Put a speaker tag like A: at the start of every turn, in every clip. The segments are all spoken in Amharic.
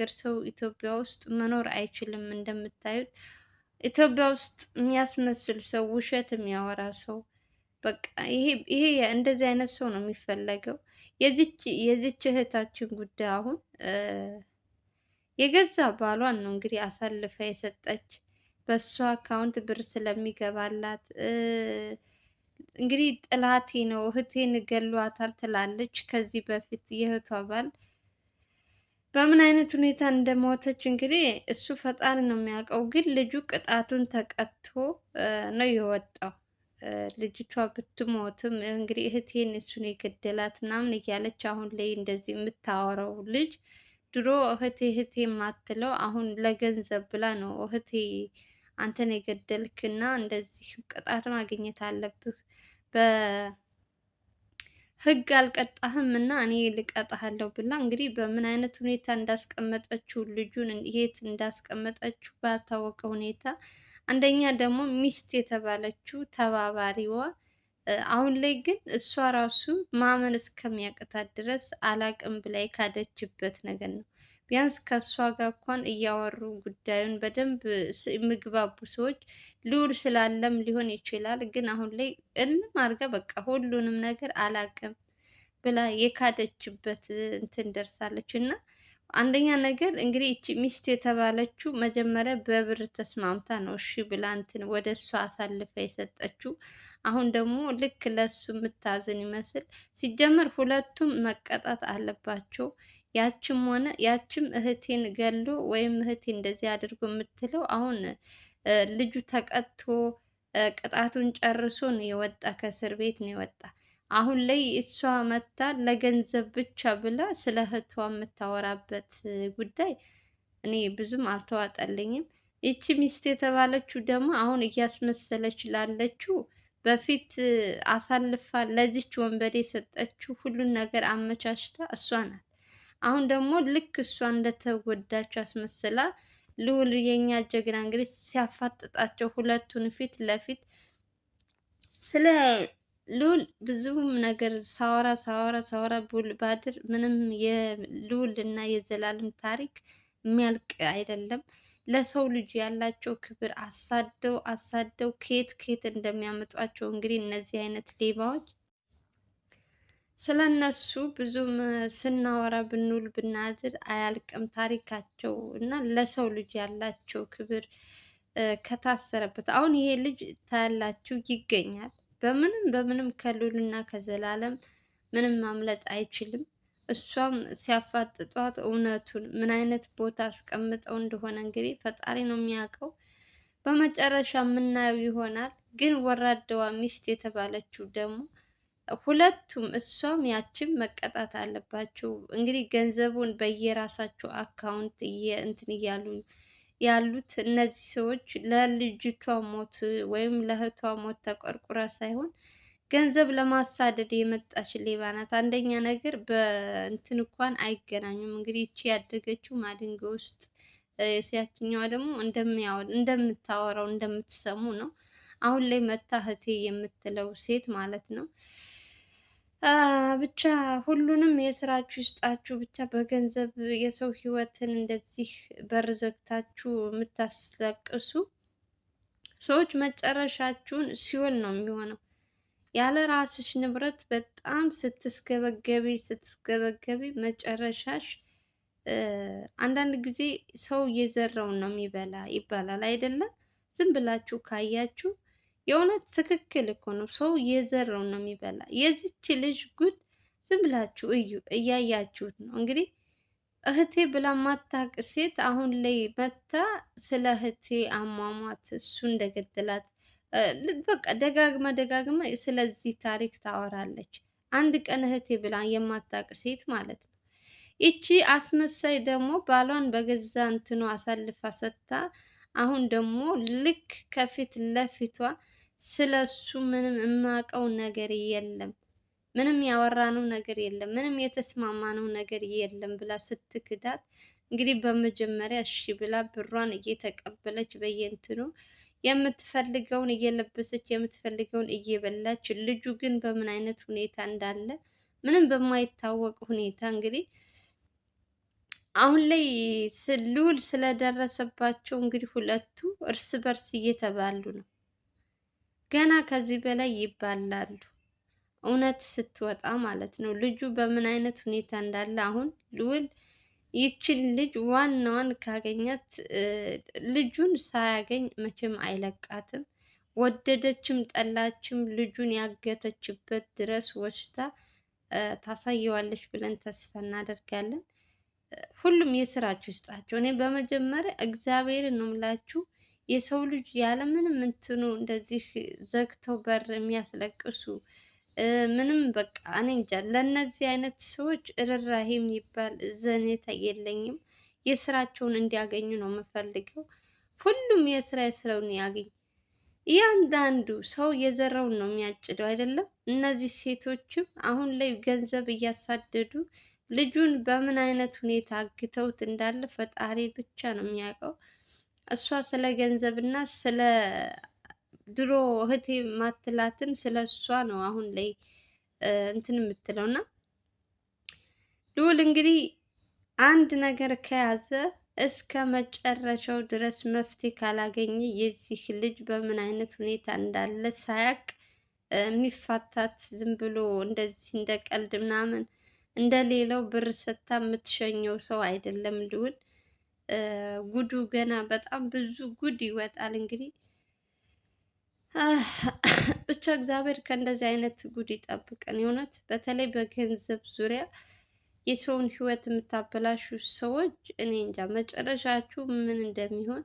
A: ሀገር ሰው ኢትዮጵያ ውስጥ መኖር አይችልም። እንደምታዩት ኢትዮጵያ ውስጥ የሚያስመስል ሰው፣ ውሸት የሚያወራ ሰው በቃ ይሄ ይሄ እንደዚህ አይነት ሰው ነው የሚፈለገው። የዚች የዚች እህታችን ጉዳይ አሁን የገዛ ባሏን ነው እንግዲህ አሳልፋ የሰጠች በእሷ አካውንት ብር ስለሚገባላት እንግዲህ ጥላቴ ነው እህቴን ገሏታል ትላለች። ከዚህ በፊት የእህቷ ባል በምን አይነት ሁኔታ እንደሞተች እንግዲህ እሱ ፈጣሪ ነው የሚያውቀው። ግን ልጁ ቅጣቱን ተቀጥቶ ነው የወጣው። ልጅቷ ብትሞትም እንግዲህ እህቴን እሱን የገደላት ምናምን እያለች አሁን ላይ እንደዚህ የምታወራው ልጅ ድሮ እህቴ እህቴ የማትለው አሁን ለገንዘብ ብላ ነው እህቴ አንተን የገደልክና እንደዚህ ቅጣት ማግኘት አለብህ በ ህግ አልቀጣህም እና እኔ ልቀጣሃለሁ ብላ እንግዲህ በምን አይነት ሁኔታ እንዳስቀመጠችው ልጁን የት እንዳስቀመጠችው ባልታወቀ ሁኔታ አንደኛ ደግሞ ሚስት የተባለችው ተባባሪዋ አሁን ላይ ግን እሷ ራሱ ማመን እስከሚያቅታት ድረስ አላቅም ብላ የካደችበት ነገር ነው። ቢያንስ ከእሷ ጋር እንኳን እያወሩ ጉዳዩን በደንብ የሚግባቡ ሰዎች ልውል ስላለም ሊሆን ይችላል። ግን አሁን ላይ እልም አድርጋ በቃ ሁሉንም ነገር አላቅም ብላ የካደችበት እንትን ደርሳለች እና አንደኛ ነገር እንግዲህ እቺ ሚስት የተባለችው መጀመሪያ በብር ተስማምታ ነው እሺ ብላ እንትን ወደ እሱ አሳልፈ የሰጠችው። አሁን ደግሞ ልክ ለሱ የምታዝን ይመስል ሲጀመር ሁለቱም መቀጣት አለባቸው። ያችም ሆነ ያችም እህቴን ገሎ ወይም እህቴ እንደዚህ አድርጎ የምትለው አሁን ልጁ ተቀጥቶ ቅጣቱን ጨርሶ ነው የወጣ፣ ከእስር ቤት ነው የወጣ። አሁን ላይ እሷ መታ ለገንዘብ ብቻ ብላ ስለ እህቷ የምታወራበት ጉዳይ እኔ ብዙም አልተዋጠልኝም። ይቺ ሚስት የተባለችው ደግሞ አሁን እያስመሰለች ላለችው በፊት አሳልፋ ለዚች ወንበዴ የሰጠችው ሁሉን ነገር አመቻችታ እሷ ናት። አሁን ደግሞ ልክ እሷ እንደተጎዳች አስመስላ ልውል የኛ ጀግና እንግዲህ ሲያፋጥጣቸው ሁለቱን ፊት ለፊት ስለ ልዑል ብዙም ነገር ሳወራ ሳወራ ሳወራ ቡል ባድር ምንም የልዑል እና የዘላለም ታሪክ የሚያልቅ አይደለም። ለሰው ልጅ ያላቸው ክብር አሳደው አሳደው ከየት ከየት እንደሚያመጧቸው እንግዲህ እነዚህ አይነት ሌባዎች ስለ እነሱ ብዙም ስናወራ ብንውል ብናድር አያልቅም ታሪካቸው እና ለሰው ልጅ ያላቸው ክብር ከታሰረበት አሁን ይሄ ልጅ ታያላችሁ ይገኛል በምንም በምንም ከሉልና ከዘላለም ምንም ማምለጥ አይችልም። እሷም ሲያፋጥጧት እውነቱን ምን አይነት ቦታ አስቀምጠው እንደሆነ እንግዲህ ፈጣሪ ነው የሚያውቀው። በመጨረሻ የምናየው ይሆናል። ግን ወራደዋ ሚስት የተባለችው ደግሞ ሁለቱም እሷም ያችን መቀጣት አለባቸው። እንግዲህ ገንዘቡን በየራሳቸው አካውንት እንትን እያሉ ያሉት እነዚህ ሰዎች ለልጅቷ ሞት ወይም ለእህቷ ሞት ተቆርቁራ ሳይሆን ገንዘብ ለማሳደድ የመጣች ሌባ ናት። አንደኛ ነገር በእንትን እንኳን አይገናኙም። እንግዲህ ይቺ ያደገችው ማድንገ ውስጥ ሲያችኛዋ ደግሞ እንደምታወራው እንደምትሰሙ ነው። አሁን ላይ መታ እህቴ የምትለው ሴት ማለት ነው ብቻ ሁሉንም የስራችሁ ይስጣችሁ። ብቻ በገንዘብ የሰው ህይወትን እንደዚህ በርዘግታችሁ የምታስለቅሱ ሰዎች መጨረሻችሁን ሲኦል ነው የሚሆነው። ያለ ራስሽ ንብረት በጣም ስትስገበገቢ ስትስገበገቢ መጨረሻሽ አንዳንድ ጊዜ ሰው እየዘራውን ነው የሚበላ ይባላል አይደለም? ዝም ብላችሁ ካያችሁ የእውነት ትክክል እኮ ነው። ሰው የዘረው ነው የሚበላ። የዚች ልጅ ጉድ ዝም ብላችሁ እዩ፣ እያያችሁት ነው እንግዲህ እህቴ ብላ ማታቅ ሴት አሁን ላይ መታ ስለ እህቴ አሟሟት እሱ እንደገደላት በቃ ደጋግማ ደጋግማ ስለዚህ ታሪክ ታወራለች። አንድ ቀን እህቴ ብላ የማታቅ ሴት ማለት ነው። ይቺ አስመሳይ ደግሞ ባሏን በገዛ እንትኑ አሳልፋ ሰጥታ አሁን ደግሞ ልክ ከፊት ለፊቷ ስለ እሱ ምንም የማውቀው ነገር የለም፣ ምንም ያወራነው ነገር የለም፣ ምንም የተስማማነው ነገር የለም ብላ ስትክዳት እንግዲህ በመጀመሪያ እሺ ብላ ብሯን እየተቀበለች በየእንትኑ የምትፈልገውን እየለበሰች የምትፈልገውን እየበላች፣ ልጁ ግን በምን አይነት ሁኔታ እንዳለ ምንም በማይታወቅ ሁኔታ እንግዲህ አሁን ላይ ልዑል ስለደረሰባቸው እንግዲህ ሁለቱ እርስ በርስ እየተባሉ ነው። ገና ከዚህ በላይ ይባላሉ። እውነት ስትወጣ ማለት ነው። ልጁ በምን አይነት ሁኔታ እንዳለ አሁን ልውል ይችን ልጅ ዋናዋን ካገኛት ልጁን ሳያገኝ መቼም አይለቃትም። ወደደችም ጠላችም ልጁን ያገተችበት ድረስ ወስዳ ታሳየዋለች ብለን ተስፋ እናደርጋለን። ሁሉም የስራችሁ ይስጣቸው። እኔ በመጀመሪያ እግዚአብሔርን ነው የምላችሁ። የሰው ልጅ ያለምንም እንትኑ እንደዚህ ዘግተው በር የሚያስለቅሱ ምንም በቃ እኔ እንጃ። ለእነዚህ አይነት ሰዎች ርህራሄ የሚባል ዘኔታ የለኝም። የስራቸውን እንዲያገኙ ነው የምፈልገው። ሁሉም የስራ የስራውን ያገኝ። እያንዳንዱ ሰው የዘራውን ነው የሚያጭደው አይደለም። እነዚህ ሴቶችም አሁን ላይ ገንዘብ እያሳደዱ ልጁን በምን አይነት ሁኔታ አግተውት እንዳለ ፈጣሪ ብቻ ነው የሚያውቀው። እሷ ስለ ገንዘብና ስለ ድሮ እህቴ ማትላትን ስለ እሷ ነው አሁን ላይ እንትን የምትለው እና ልውል እንግዲህ አንድ ነገር ከያዘ እስከ መጨረሻው ድረስ መፍትሄ ካላገኘ የዚህ ልጅ በምን አይነት ሁኔታ እንዳለ ሳያቅ የሚፋታት ዝም ብሎ እንደዚህ እንደ ቀልድ ምናምን እንደሌላው ብር ሰታ የምትሸኘው ሰው አይደለም ልውል ጉዱ ገና በጣም ብዙ ጉድ ይወጣል። እንግዲህ ብቻ እግዚአብሔር ከእንደዚህ አይነት ጉድ ይጠብቀን። የእውነት በተለይ በገንዘብ ዙሪያ የሰውን ሕይወት የምታበላሹ ሰዎች እኔ እንጃ መጨረሻችሁ ምን እንደሚሆን።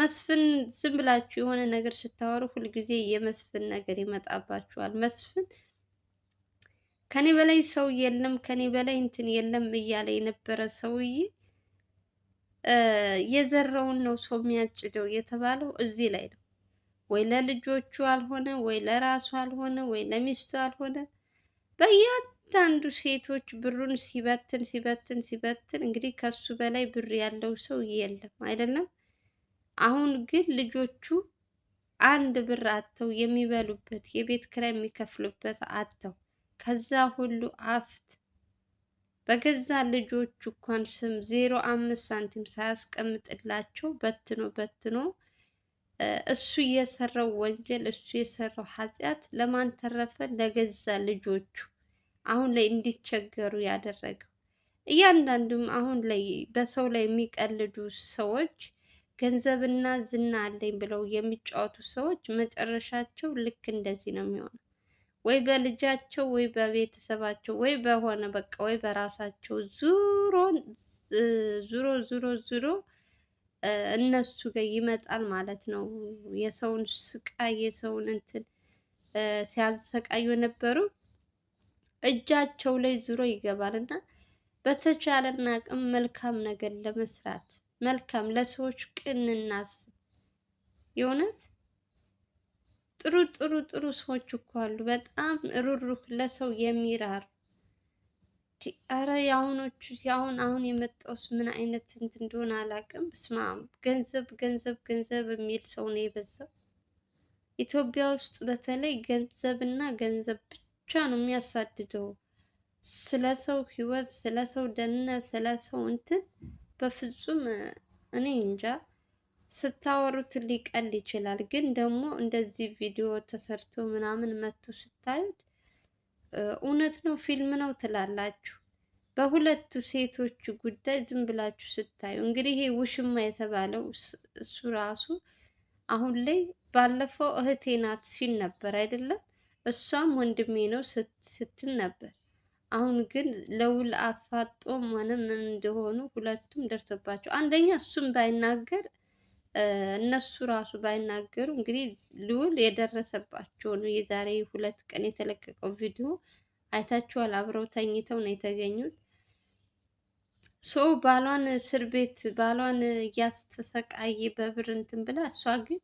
A: መስፍን ዝም ብላችሁ የሆነ ነገር ስታወሩ ሁልጊዜ የመስፍን ነገር ይመጣባችኋል። መስፍን ከኔ በላይ ሰው የለም ከኔ በላይ እንትን የለም እያለ የነበረ ሰውዬ የዘራውን ነው ሰው የሚያጭደው የተባለው እዚህ ላይ ነው። ወይ ለልጆቹ አልሆነ፣ ወይ ለራሱ አልሆነ፣ ወይ ለሚስቱ አልሆነ። በእያንዳንዱ ሴቶች ብሩን ሲበትን ሲበትን ሲበትን እንግዲህ ከሱ በላይ ብር ያለው ሰው የለም አይደለም። አሁን ግን ልጆቹ አንድ ብር አጥተው የሚበሉበት የቤት ክራይ የሚከፍሉበት አጥተው ከዛ ሁሉ አፍት በገዛ ልጆቹ እንኳን ስም ዜሮ አምስት ሳንቲም ሳያስቀምጥላቸው በትኖ በትኖ እሱ የሰራው ወንጀል እሱ የሰራው ኃጢአት ለማን ተረፈ? ለገዛ ልጆቹ አሁን ላይ እንዲቸገሩ ያደረገው። እያንዳንዱም አሁን ላይ በሰው ላይ የሚቀልዱ ሰዎች ገንዘብና ዝና አለኝ ብለው የሚጫወቱ ሰዎች መጨረሻቸው ልክ እንደዚህ ነው የሚሆነው። ወይ በልጃቸው ወይ በቤተሰባቸው ወይ በሆነ በቃ ወይ በራሳቸው ዙሮ ዙሮ ዙሮ ዙሮ እነሱ ጋር ይመጣል ማለት ነው። የሰውን ስቃይ የሰውን እንትን ሲያሰቃዩ የነበሩ እጃቸው ላይ ዙሮ ይገባል እና በተቻለን አቅም መልካም ነገር ለመስራት መልካም ለሰዎች ቅን እናስብ የእውነት ጥሩ ጥሩ ጥሩ ሰዎች እኮ አሉ። በጣም ሩሩህ ለሰው የሚራር አረ የአሁኖቹ አሁን አሁን የመጣውስ ምን አይነት እንትን እንደሆነ አላውቅም። ስማ ገንዘብ ገንዘብ ገንዘብ የሚል ሰው ነው የበዛው። ኢትዮጵያ ውስጥ በተለይ ገንዘብ እና ገንዘብ ብቻ ነው የሚያሳድደው። ስለ ሰው ህይወት፣ ስለ ሰው ደህንነት ስለ ሰው እንትን በፍጹም እኔ እንጃ። ስታወሩት ሊቀል ይችላል። ግን ደግሞ እንደዚህ ቪዲዮ ተሰርቶ ምናምን መቶ ስታዩት እውነት ነው ፊልም ነው ትላላችሁ። በሁለቱ ሴቶች ጉዳይ ዝም ብላችሁ ስታዩ እንግዲህ ይሄ ውሽማ የተባለው እሱ ራሱ አሁን ላይ ባለፈው እህቴ ናት ሲል ነበር አይደለም። እሷም ወንድሜ ነው ስትል ነበር። አሁን ግን ለውል አፋጦም ሆነ ምን እንደሆኑ ሁለቱም ደርሶባቸው አንደኛ እሱም ባይናገር እነሱ ራሱ ባይናገሩ እንግዲህ ልዑል የደረሰባቸውን የዛሬ ሁለት ቀን የተለቀቀው ቪዲዮ አይታችኋል። አብረው ተኝተው ነው የተገኙት። ሰው ባሏን እስር ቤት ባሏን እያስተሰቃየ በብር እንትን ብላ፣ እሷ ግን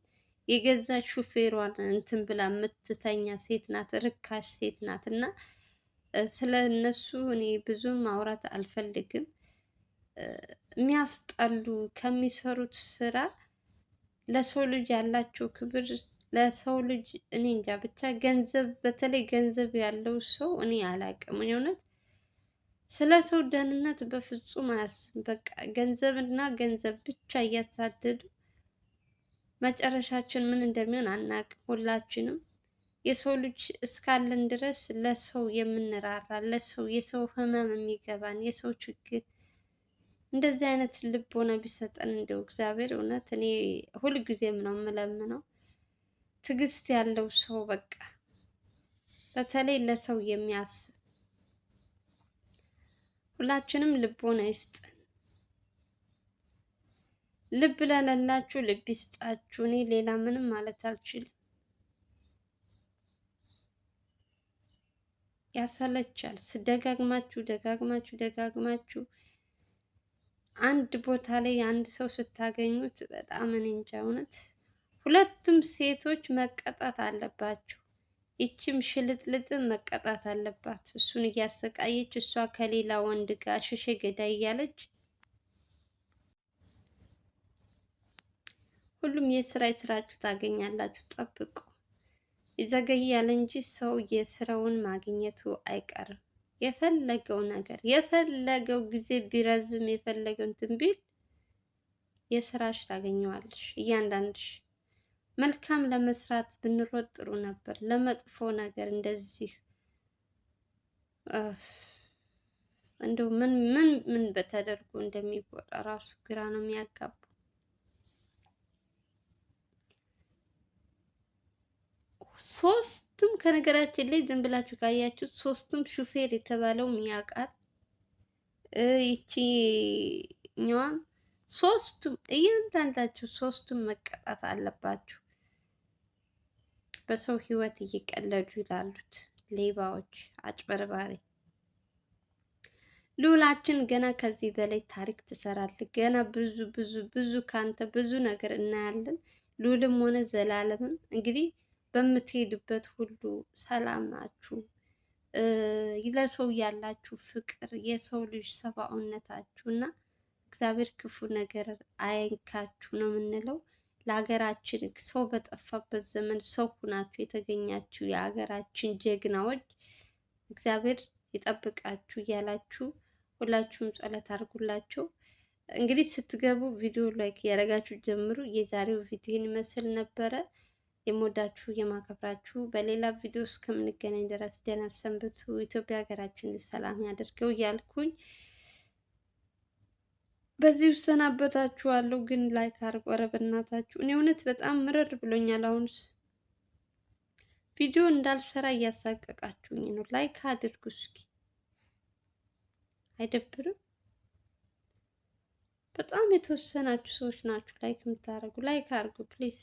A: የገዛ ሹፌሯን እንትን ብላ የምትተኛ ሴት ናት፣ ርካሽ ሴት ናት። እና ስለ እነሱ እኔ ብዙም ማውራት አልፈልግም። የሚያስጠሉ ከሚሰሩት ስራ ለሰው ልጅ ያላቸው ክብር ለሰው ልጅ እኔ እንጃ ብቻ ገንዘብ በተለይ ገንዘብ ያለው ሰው እኔ አላቅም። የእውነት ስለ ሰው ደህንነት በፍጹም አያስብም። በቃ ገንዘብና ገንዘብ ብቻ እያሳደዱ መጨረሻችን ምን እንደሚሆን አናቅም። ሁላችንም የሰው ልጅ እስካለን ድረስ ለሰው የምንራራ ለሰው የሰው ህመም የሚገባን የሰው ችግር እንደዚህ አይነት ልቦና ቢሰጠን እንደው እግዚአብሔር እውነት እኔ ሁልጊዜም ነው የምለምነው። ትዕግስት ያለው ሰው በቃ በተለይ ለሰው የሚያስብ ሁላችንም ልቦና ይስጥ። ልብ ለሌላችሁ ልብ ይስጣችሁ። እኔ ሌላ ምንም ማለት አልችልም። ያሰለቻል። ስደጋግማችሁ ደጋግማችሁ ደጋግማችሁ አንድ ቦታ ላይ አንድ ሰው ስታገኙት በጣም እኔ እንጃ እውነት ሁለቱም ሴቶች መቀጣት አለባቸው። ይችም ሽልጥልጥ መቀጣት አለባት። እሱን እያሰቃየች እሷ ከሌላ ወንድ ጋር ሽሽ ገዳይ እያለች ሁሉም የስራ የስራችሁ ታገኛላችሁ። ጠብቁ። ይዘገያል እንጂ ሰው የስራውን ማግኘቱ አይቀርም። የፈለገው ነገር የፈለገው ጊዜ ቢረዝም የፈለገው እንትን ቢል የስራሽ ታገኘዋለሽ። እያንዳንድሽ መልካም ለመስራት ብንሮጥ ጥሩ ነበር። ለመጥፎ ነገር እንደዚህ እንደው ምን ምን ምን በተደርጎ እንደሚወራ ራሱ ግራ ነው የሚያጋባው? ሶስቱም ከነገራችን ላይ ዝም ብላችሁ ካያችሁ ሶስቱም ሹፌር የተባለው ሚያውቃት ይቺ እኛዋም ሶስቱም እያንዳንዳችሁ ሶስቱም መቀጣት አለባችሁ። በሰው ህይወት እየቀለዱ ይላሉት ሌባዎች፣ አጭበርባሪ። ልውላችን ገና ከዚህ በላይ ታሪክ ትሰራለህ። ገና ብዙ ብዙ ብዙ ካንተ ብዙ ነገር እናያለን። ልውልም ሆነ ዘላለምም እንግዲህ በምትሄድበት ሁሉ ሰላማችሁ ለሰው ያላችሁ ፍቅር የሰው ልጅ ሰብአዊነታችሁ እና እግዚአብሔር ክፉ ነገር አይንካችሁ ነው የምንለው። ለሀገራችን ሰው በጠፋበት ዘመን ሰው ሁናችሁ የተገኛችሁ የሀገራችን ጀግናዎች እግዚአብሔር ይጠብቃችሁ እያላችሁ ሁላችሁም ጸሎት አድርጉላቸው። እንግዲህ ስትገቡ ቪዲዮ ላይክ ያደረጋችሁ ጀምሩ። የዛሬው ቪዲዮ ይመስል ነበረ። የምወዳችሁ የማከብራችሁ በሌላ ቪዲዮ እስከምንገናኝ ድረስ ደህና ሰንብቱ። ኢትዮጵያ ሀገራችንን ሰላም ያደርገው እያልኩኝ በዚህ እሰናበታችኋለሁ። ግን ላይክ አድርጉ። ኧረ በእናታችሁ እኔ እውነት በጣም ምርር ብሎኛል። አሁንስ ቪዲዮ እንዳልሰራ እያሳቀቃችሁኝ ነው። ላይክ አድርጉ እስኪ። አይደብርም? በጣም የተወሰናችሁ ሰዎች ናችሁ ላይክ የምታደርጉ። ላይክ አርጉ ፕሊዝ።